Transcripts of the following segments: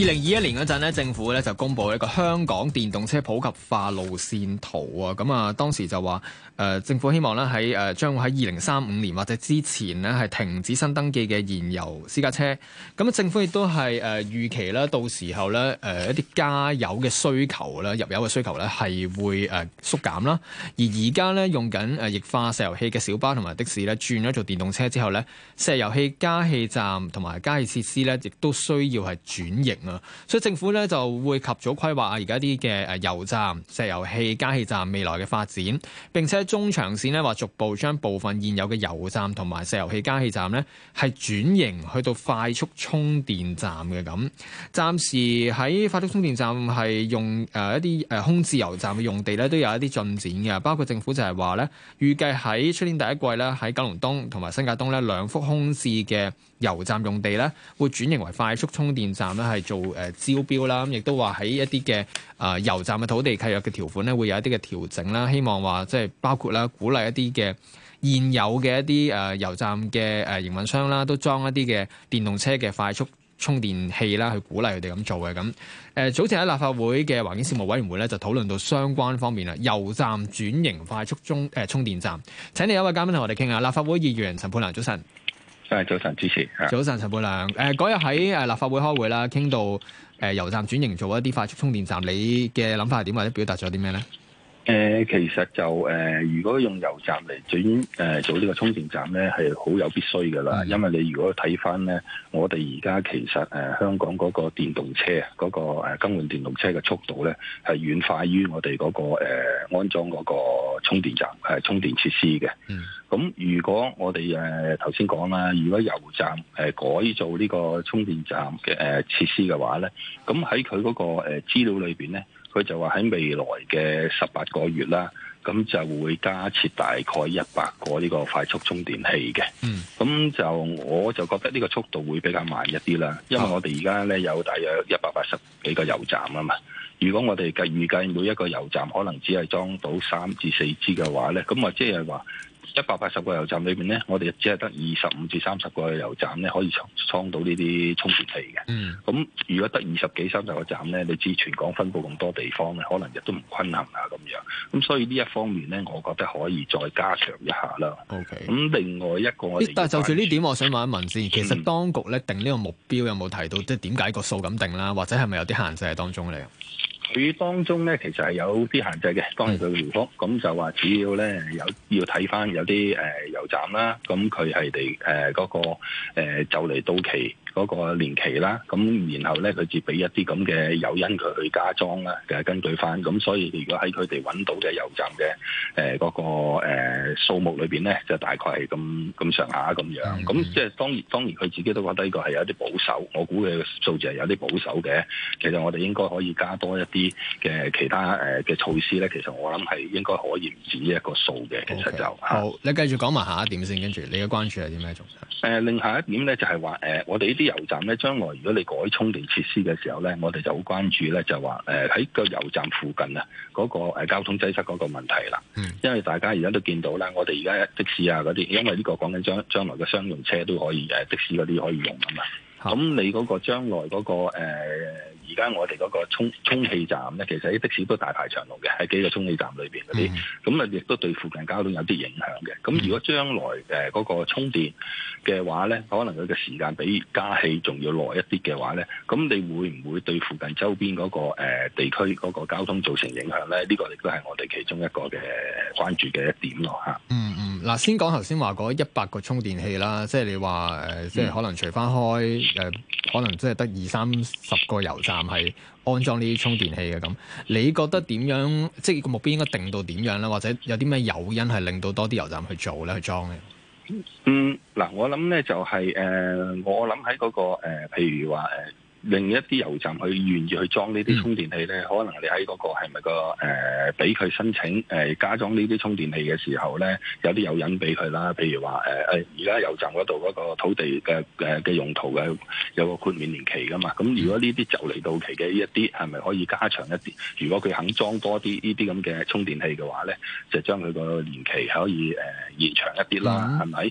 二零二一年嗰陣咧，政府咧就公布了一個香港電動車普及化路線圖啊。咁啊，當時就話誒、呃，政府希望咧喺誒，將會喺二零三五年或者之前呢，係停止新登記嘅燃油私家車。咁政府亦都係誒預期啦，到時候咧誒、呃、一啲加油嘅需求咧，入油嘅需求咧係會誒縮減啦。而而家咧用緊誒液化石油氣嘅小巴同埋的士咧，轉咗做電動車之後咧，石油氣加氣站同埋加氣設施咧，亦都需要係轉型。所以政府咧就會及早規劃啊，而家啲嘅誒油站、石油氣加氣站未來嘅發展，並且中長線咧話逐步將部分現有嘅油站同埋石油氣加氣站呢，係轉型去到快速充電站嘅咁。暫時喺快速充電站係用誒一啲誒空置油站嘅用地呢，都有一啲進展嘅。包括政府就係話呢預計喺出年第一季呢，喺九龍東同埋新界東呢兩幅空置嘅油站用地呢，會轉型為快速充電站咧係做做招標啦，亦都話喺一啲嘅啊油站嘅土地契約嘅條款咧，會有一啲嘅調整啦。希望話即係包括啦，鼓勵一啲嘅現有嘅一啲誒油站嘅誒營運商啦，都裝一啲嘅電動車嘅快速充電器啦，去鼓勵佢哋咁做嘅咁。誒，早前喺立法會嘅環境事務委員會咧，就討論到相關方面啦，油站轉型快速充誒、呃、充電站。請嚟有一位嘉賓同我哋傾下，立法會議員陳沛良，早晨。早晨，主持。早晨，陳沛良。誒，嗰日喺誒立法會開會啦，傾到誒、呃、油站轉型做一啲快速充電站，你嘅諗法係點或者表達咗啲咩咧？誒、呃，其實就誒、呃，如果用油站嚟轉誒做呢個充電站咧，係好有必須噶啦。的因為你如果睇翻咧，我哋而家其實誒、呃、香港嗰個電動車、那個、啊，嗰個誒更換電動車嘅速度咧，係遠快於我哋嗰、那個誒、呃、安裝嗰個充電站係、啊、充電設施嘅。嗯咁如果我哋誒頭先講啦，如果油站誒、呃、改造呢個充電站嘅誒設施嘅話咧，咁喺佢嗰個誒資料裏邊咧，佢就話喺未來嘅十八個月啦，咁就會加設大概一百個呢個快速充電器嘅。嗯，咁就我就覺得呢個速度會比較慢一啲啦，因為我哋而家咧有大約一百八十幾個油站啊嘛。如果我哋計預計每一個油站可能只係裝到三至四支嘅話咧，咁啊即係話，一百八十個油站裏面咧，我哋只係得二十五至三十個油站咧可以創到呢啲充電器嘅。咁、嗯、如果得二十幾、三十個站咧，你知全港分布咁多地方，可能亦都唔均衡啊咁樣。咁所以呢一方面咧，我覺得可以再加強一下啦。咁 Okay 另外一個我、欸，但就住呢點，我想問一問先，嗯、其實當局咧定呢個目標有冇提到，即點解個數咁定啦？或者係咪有啲限制係當中嚟？佢當中咧，其實係有啲限制嘅，當日佢油庫咁就話，主要咧有要睇返有啲誒、呃、油站啦，咁佢係哋誒嗰個、呃、就嚟到期。嗰個年期啦，咁然後咧佢自俾一啲咁嘅誘因佢去加裝啦，嘅根據翻，咁所以如果喺佢哋揾到嘅油站嘅誒嗰個誒、呃、數目裏邊咧，就大概係咁咁上下咁樣。咁即係當然當然佢自己都覺得呢個係有啲保守，我估嘅數字係有啲保守嘅。其實我哋應該可以加多一啲嘅其他誒嘅措施咧。其實我諗係應該可以唔止呢一個數嘅。Okay. 其實就好，你繼續講埋下、呃、一,一點先，跟住你嘅關注係啲咩做。誒，另外一點咧就係話誒，我哋啲油站咧，將來如果你改充電設施嘅時候咧，我哋就好關注咧，就話誒喺個油站附近啊，嗰、嗰個、呃、交通擠塞嗰個問題啦。Mm. 因為大家而家都見到啦，我哋而家的士啊嗰啲，因為呢個講緊將將來嘅商用車都可以誒、呃、的士嗰啲可以用啊嘛。咁你嗰個將來嗰、嗰個、呃而家我哋嗰個充充氣站咧，其實啲的士都大排長龍嘅，喺幾個充氣站裏邊嗰啲，咁啊亦都對附近交通有啲影響嘅。咁如果將來誒嗰個充電嘅話咧，可能佢嘅時間比加氣仲要耐一啲嘅話咧，咁你會唔會對附近周邊嗰個誒地區嗰個交通造成影響咧？呢個亦都係我哋其中一個嘅關注嘅一點咯嚇、嗯。嗯嗯，嗱，先講頭先話嗰一百個充電器啦，即係你話誒，即、呃、係、嗯、可能除翻開誒，可能即係得二三十個油站。係安裝呢啲充電器嘅，咁，你覺得點樣？即係個目標應該定到點樣咧？或者有啲咩誘因係令到多啲油站去做咧？去裝咧？嗯，嗱，就是呃，我諗咧就係誒，我諗喺嗰個誒，譬如話誒。呃另一啲油站去願意去裝呢啲充電器咧，嗯、可能你喺嗰、嗰個係咪、嗰個誒俾佢申請誒、呃、加裝呢啲充電器嘅時候咧，有啲誘引俾佢啦。譬如話誒而家油站嗰度嗰個土地嘅誒嘅用途嘅有個豁免年期㗎嘛。咁如果呢啲就嚟到期嘅呢一啲，係咪可以加長一啲？如果佢肯裝多啲呢啲咁嘅充電器嘅話咧，就將佢個年期可以誒、呃、延長一啲啦，係咪、啊？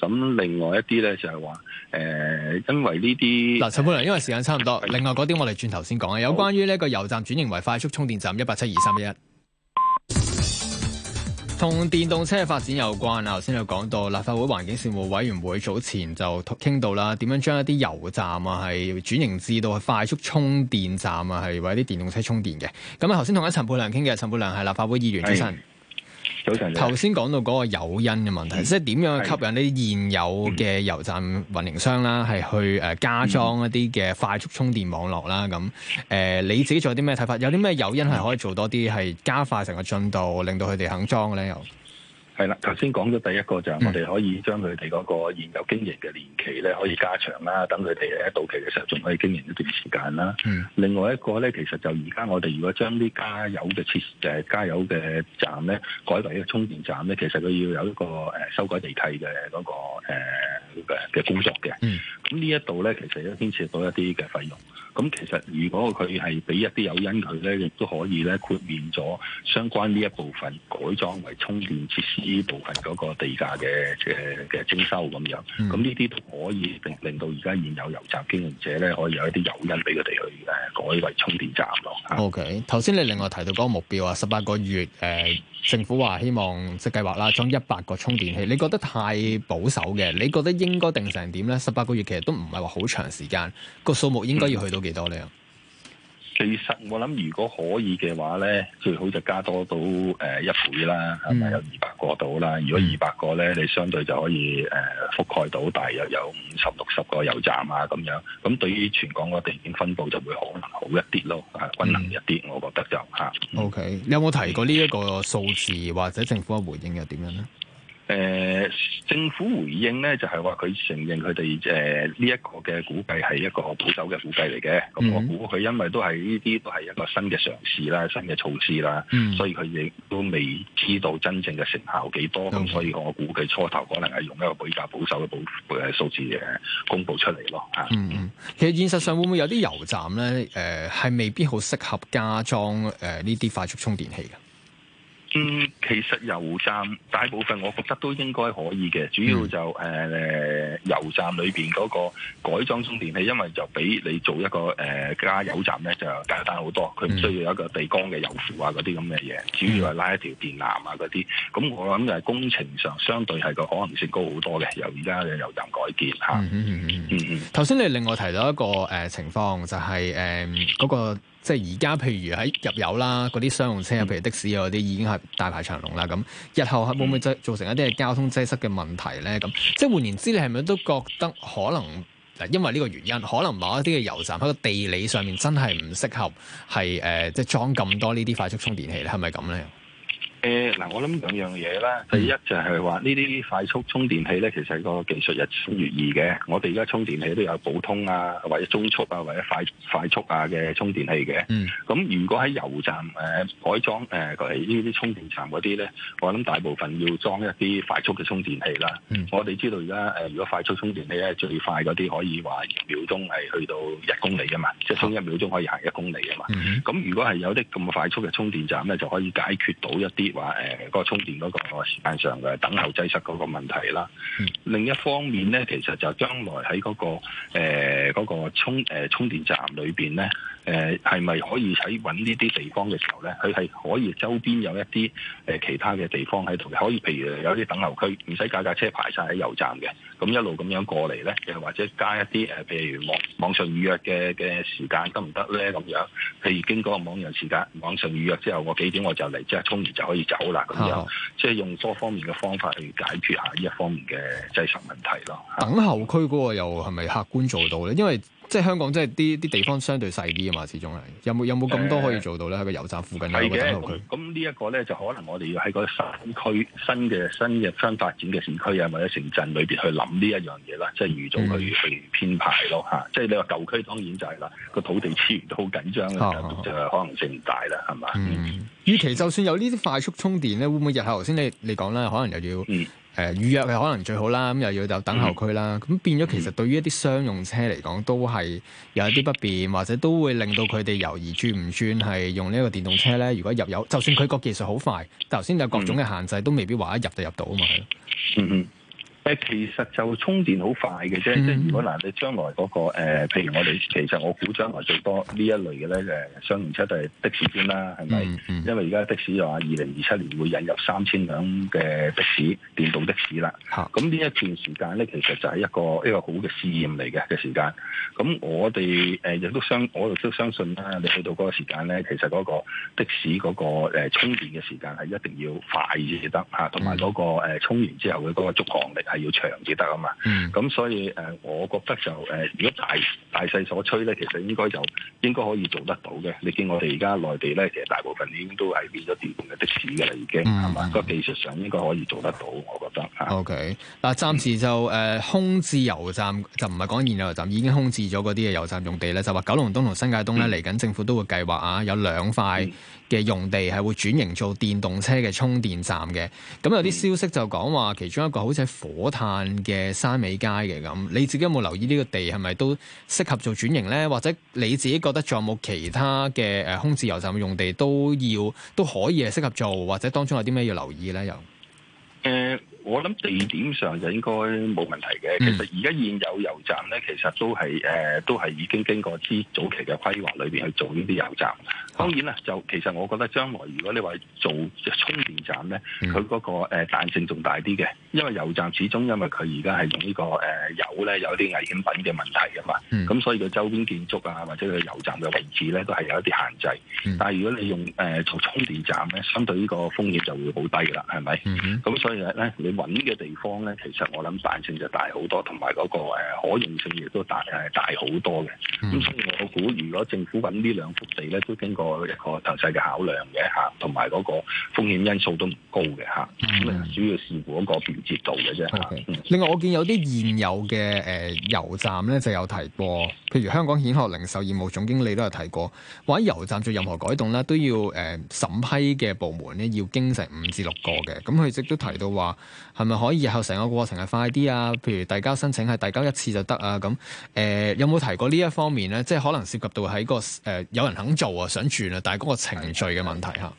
咁、嗯、另外一啲咧就係話誒，因為呢啲嗱因為時差唔多。另外嗰啲我哋轉頭先講啊，有關於呢個油站轉型為快速充電站，一八七二三一。一同電動車嘅發展有關啊，頭先有講到立法會環境事務委員會早前就傾到啦，點樣將一啲油站啊係轉型至到快速充電站啊，係為啲電動車充電嘅。咁啊，頭先同阿陳沛良傾嘅，陳沛良係立法會議員是出身。頭先講到嗰個誘因嘅問題，嗯、即係點樣去吸引啲現有嘅油站運營商啦，係的去誒加裝一啲嘅快速充電網絡啦。咁誒、嗯、呃，你自己有啲咩睇法？有啲咩誘因係可以做多啲，係加快成個進度，令到佢哋肯裝嘅咧？又？係啦，頭先講咗第一個就係我哋可以將佢哋嗰個現有經營嘅年期咧，可以加長啦，等佢哋喺到期嘅時候仲可以經營一段時間啦。嗯。Mm. 另外一個咧，其實就而家我哋如果將啲加油嘅設誒加油嘅站咧，改為一個充電站咧，其實佢要有一個誒、呃、修改地契嘅嗰個嘅嘅、呃、工作嘅。嗯。Mm. 咁呢一度咧，其實都牽涉到一啲嘅費用。咁其實如果佢係俾一啲誘因佢咧，亦都可以咧豁免咗相關呢一部分改裝為充電設施部分嗰個地價嘅嘅嘅徵收咁樣。咁呢啲都可以令令到而家現有油站經營者咧，可以有一啲誘因俾佢哋去誒改為充電站咯。OK，頭先你另外提到嗰個目標啊，十八個月、呃政府話希望即係計劃啦，裝一百個充電器。你覺得太保守嘅？你覺得應該定成點呢？十八個月其實都唔係話好長時間，個數目應該要去到幾多呢？其、嗯、實我諗，如果可以嘅話呢，嗯、最好就加多到誒、呃、一倍啦，係咪、嗯、有二百？過到啦，如果二百個咧，你相對就可以誒，呃，覆蓋到，大約有五十六十個油站啊，咁樣，咁對於全港個地點分佈就會可能好一啲咯，均衡一啲，我覺得就嚇。OK，嗯，你有冇提過呢一個數字，或者政府嘅回應又點樣咧？誒、呃，政府回應咧就係話佢承認佢哋誒呢一個嘅估計係一個保守嘅估計嚟嘅。咁、嗯、我估佢因為都係呢啲都係一個新嘅嘗試啦、新嘅措施啦，嗯、所以佢亦都未知道真正嘅成效幾多。咁、嗯、所以我估計初頭可能係用一個比較保守嘅保數字嘅公布出嚟咯。吓，嗯，其實現實上會唔會有啲油站咧？誒、呃，係未必好適合加裝誒呢啲快速充電器嘅。嗯，其實油站大部分我覺得都應該可以嘅，嗯、主要就誒、是呃、油站裏邊嗰個改裝充電器，因為就比你做一個誒、呃、加油站咧就簡單好多，佢唔、嗯、需要有一個地缸嘅油庫啊嗰啲咁嘅嘢，主要係拉一條電纜啊嗰啲。咁、嗯、我諗就係工程上相對係個可能性高好多嘅，由而家嘅油站改建嚇。嗯哼嗯哼嗯嗯哼嗯。頭先你另外提到一個誒、呃、情況就係誒嗰個。即係而家，譬如喺入油啦，嗰啲商用車，譬如的士啊嗰啲，已經係大排長龍啦。咁日後係會唔會造成一啲嘅交通擠塞嘅問題咧？咁即係換言之，你係咪都覺得可能因為呢個原因，可能某一啲嘅油站喺個地理上面真係唔適合係誒、呃，即係裝咁多呢啲快速充電器咧？係咪咁咧？誒嗱、呃，我諗兩樣嘢啦。第一就係話呢啲快速充電器咧，其實係個技術日新月異嘅。我哋而家充電器都有普通啊，或者中速啊，或者快速、啊、或者快速啊嘅充電器嘅。嗯。咁如果喺油站誒、呃、改裝誒嗰啲充電站嗰啲咧，我諗大部分要裝一啲快速嘅充電器啦。嗯。我哋知道而家、呃、如果快速充電器咧，最快嗰啲可以話秒鐘係去到一公里噶嘛，嗯、即係充一秒鐘可以行一公里噶嘛。嗯。咁如果係有啲咁快速嘅充電站咧，就可以解決到一啲。話誒，呃嗰個充電嗰個時間上嘅等候擠塞嗰個問題啦。嗯、另一方面咧，其實就將來喺嗰、嗰個誒、呃嗰個充誒、呃、充電站裏邊咧，誒係咪可以喺搵呢啲地方嘅時候咧，佢係可以周邊有一啲誒、呃、其他嘅地方喺度，可以譬如有啲等候區，唔使架架車排晒喺油站嘅，咁一路咁樣過嚟咧，又或者加一啲誒，譬如網網上預約嘅嘅時間得唔得咧？咁樣，譬如經嗰個網上預約時間網上預約之後，我幾點我就嚟，即係充完就可以。走啦，咁樣即係用多方面嘅方法去解決下呢一方面嘅擠塞問題咯。等候區嗰個又係咪客觀做到咧？因為。即係香港，即係啲啲地方相對細啲啊嘛，始終係有冇有冇咁多可以做到咧？喺個油站附近嘅一個等候區，咁、嗯、呢一個咧就可能我哋要喺個新區、新嘅新嘅新發展嘅城區啊，或者城鎮裏面去諗呢一樣嘢啦，即係預早去去編排咯嚇。即係你話舊區當然就係、是、啦，個土地資源都好緊張、哦、就可能性唔大啦，係嘛？嗯。與其就算有呢啲快速充電咧，會唔會日後頭先你你講呢？可能又要？嗯誒預約係可能最好啦，咁又要有等候區啦，咁、嗯、哼變咗其實對於一啲商用車嚟講，都係有一啲不便，或者都會令到佢哋猶豫，轉唔轉係用呢個個電動車呢，如果入油，就算佢個技術好快，頭先有各種嘅限制，都未必話一入就入到啊嘛，係咯。嗯嗯。其實就充電好快嘅啫，即係如果嗱，你將來嗰、嗰個、呃、譬如我哋其實我估將來最多呢一類嘅咧誒，商用車都係的士先啦，係咪？嗯嗯、因為而家的士又話二零二七年會引入三千輛嘅的士電動的士啦。咁呢一段時間咧，其實就係一個一個好嘅試驗嚟嘅嘅時間。咁我哋誒亦都相，我亦都相信啦。你去到嗰個時間咧，其實嗰個的士嗰個充電嘅時間係一定要快先得，同埋嗰個呃、充完之後嘅嗰個續航力係，要長至得啊嘛，咁、嗯、所以誒，我覺得就誒、呃，如果大大勢所趨咧，其實應該就應該可以做得到嘅。你見我哋而家內地咧，其實大部分已經都係變咗電動嘅的士嘅啦，已經係嘛？個、嗯、技術上應該可以做得到，我覺得嚇。OK，嗱，暫時就誒、呃、空置油站就唔係講現油站，已經空置咗嗰啲嘅油站用地咧，就話九龍東同新界東咧嚟緊，嗯、政府都會計劃啊，有兩塊。嗯嘅用地係會轉型做電動車嘅充電站嘅，咁有啲消息就講話，其中一個好似係火炭嘅山尾街嘅咁，咁你自己有冇留意呢個地係咪都適合做轉型呢？或者你自己覺得仲有冇其他嘅空置油站用地都要都可以係適合做，或者當中有啲咩要留意呢？又、呃我諗地點上就應該冇問題嘅。其實而家現有油站咧，其實都係誒、呃，都係已經經過啲早期嘅規劃裏邊去做呢啲油站。當然啦，就其實我覺得將來如果你話做充電站咧，佢嗰個誒彈性仲大啲嘅，因為油站始終因為佢而家係用、這個呃、呢個誒油咧，有啲危險品嘅問題㗎嘛。咁、嗯、所以佢周邊建築啊，或者佢油站嘅位置咧，都係有一啲限制。但係如果你用誒、呃、做充電站咧，相對呢個風險就會好低㗎啦，係咪？咁、嗯嗯、所以咧，你。揾嘅地方咧，其實我諗彈性就大好多，同埋嗰個可用性亦都大係大好多嘅。咁所以我估，如果政府揾呢兩幅地咧，都經過一個詳細嘅考量嘅嚇，同埋嗰個風險因素都唔高嘅嚇。Mm hmm. 主要視乎嗰個便捷度嘅啫。Okay. 嗯、另外，我見有啲現有嘅誒、呃、油站咧，就有提過，譬如香港蜆殼零售業務總經理都有提過，話喺油站做任何改動咧，都要誒、呃、審批嘅部門咧，要經成五至六個嘅。咁佢亦都提到話。係咪可以以後成個過程係快啲啊？譬如遞交申請係遞交一次就得啊咁。誒、呃、有冇提過呢一方面咧？即係可能涉及到喺個誒、呃、有人肯做啊，想轉啊，但係嗰個程序嘅問題嚇。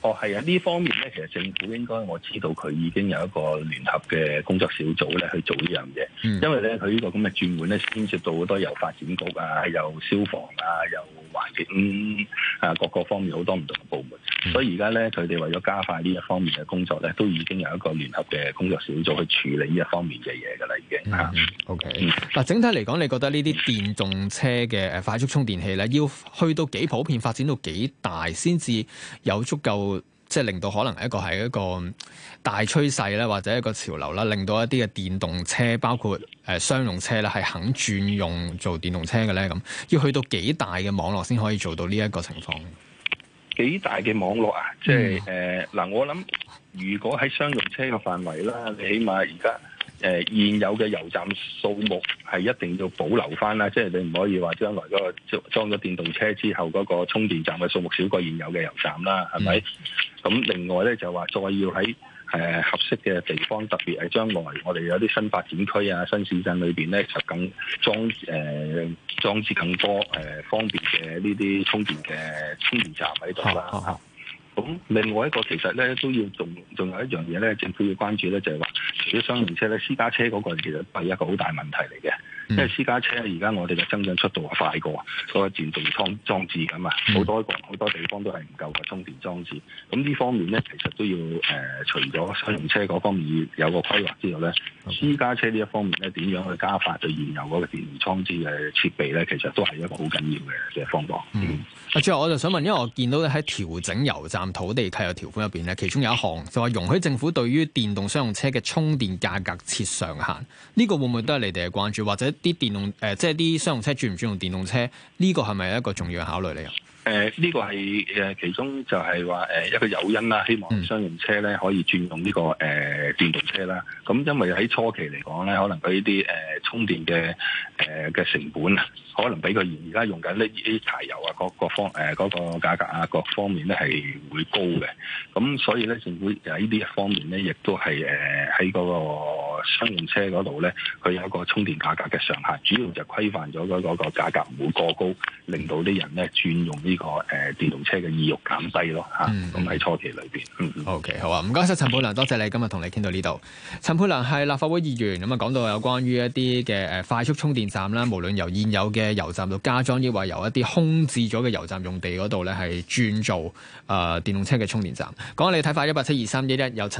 哦，係啊，呢方面咧，其實政府應該我知道佢已經有一個聯合嘅工作小組咧去做呢樣嘢，嗯、因為咧佢呢這個咁嘅轉換咧牽涉到好多由發展局啊，有消防啊，由。環境啊各個方面好多唔同嘅部門，嗯、所以而家咧佢哋為咗加快呢一方面嘅工作咧，都已經有一個聯合嘅工作小組去處理呢一方面嘅嘢噶啦，已經吓。O K. 嗱，okay. 嗯、整體嚟講，你覺得呢啲電動車嘅快速充電器咧，要去到幾普遍、發展到幾大，先至有足夠？即係令到可能一個係一個大趨勢咧，或者一個潮流啦，令到一啲嘅電動車包括誒、呃、商用車咧，係肯轉用做電動車嘅咧，咁要去到幾大嘅網絡先可以做到呢一個情況？幾大嘅網絡啊？是 即係誒嗱，我諗如果喺商用車嘅範圍啦，你起碼而家。誒、呃、現有嘅油站數目係一定要保留翻啦，即係你唔可以話將來嗰、嗰個裝咗電動車之後嗰個充電站嘅數目少過現有嘅油站啦，係咪？咁、嗯、另外咧就話再要喺、呃、合適嘅地方，特別係將來我哋有啲新發展區啊、新市鎮裏邊咧，就更裝誒、呃、裝置更多、呃、方便嘅呢啲充電嘅充電站喺度啦。咁另外一個其實咧都要仲仲有一樣嘢咧，政府要關注咧，就係話除咗商用車咧，私家車嗰個其實係一個好大問題嚟嘅。因為私家車，而家我哋嘅增長速度快過所有電動裝裝置㗎啊，好多國好多地方都係唔夠個充電裝置。咁呢方面咧，其實都要誒、呃，除咗商用車嗰方面有個規劃之外咧，私家車呢一方面咧，點樣去加發對現有嗰個電動裝置嘅設備咧，其實都係一個好緊要嘅嘅方法。嗯，啊，最後我就想問，因為我見到咧喺調整油站土地契約條款入邊咧，其中有一項就話容許政府對於電動商用車嘅充電價格設上限，呢、這個會唔會都係你哋嘅關注，或者？啲電動誒，即係啲商用車轉唔轉用電動車？呢、這個係咪一個重要考慮嚟啊？誒、呃，呢、這個係誒其中就係話誒一個誘因啦。希望商用車咧可以轉用呢、這個誒、呃、電動車啦。咁、嗯、因為喺初期嚟講咧，可能佢呢啲誒充電嘅誒嘅成本啊，可能比佢而家用緊呢啲柴油啊各個方、呃、各方誒嗰個價格啊各方面咧係會高嘅。咁、嗯、所以咧政府喺呢一方面咧亦都係誒喺嗰個。商用車嗰度咧，佢有一個充電價格嘅上限，主要就是規範咗嗰嗰個價格唔會過高，令到啲人咧轉用呢、這個誒、呃、電動車嘅意欲減低咯嚇。咁喺、嗯、初期裏邊。嗯，OK，好啊，唔該晒陳沛良。多謝，謝你今日同你傾到呢度。陳沛良係立法會議員，咁啊講到有關於一啲嘅誒快速充電站啦，無論由現有嘅油站度加裝，抑或者由一啲空置咗嘅油站用地嗰度咧，係轉做誒電動車嘅充電站。講下你睇法，一八七二三一一有。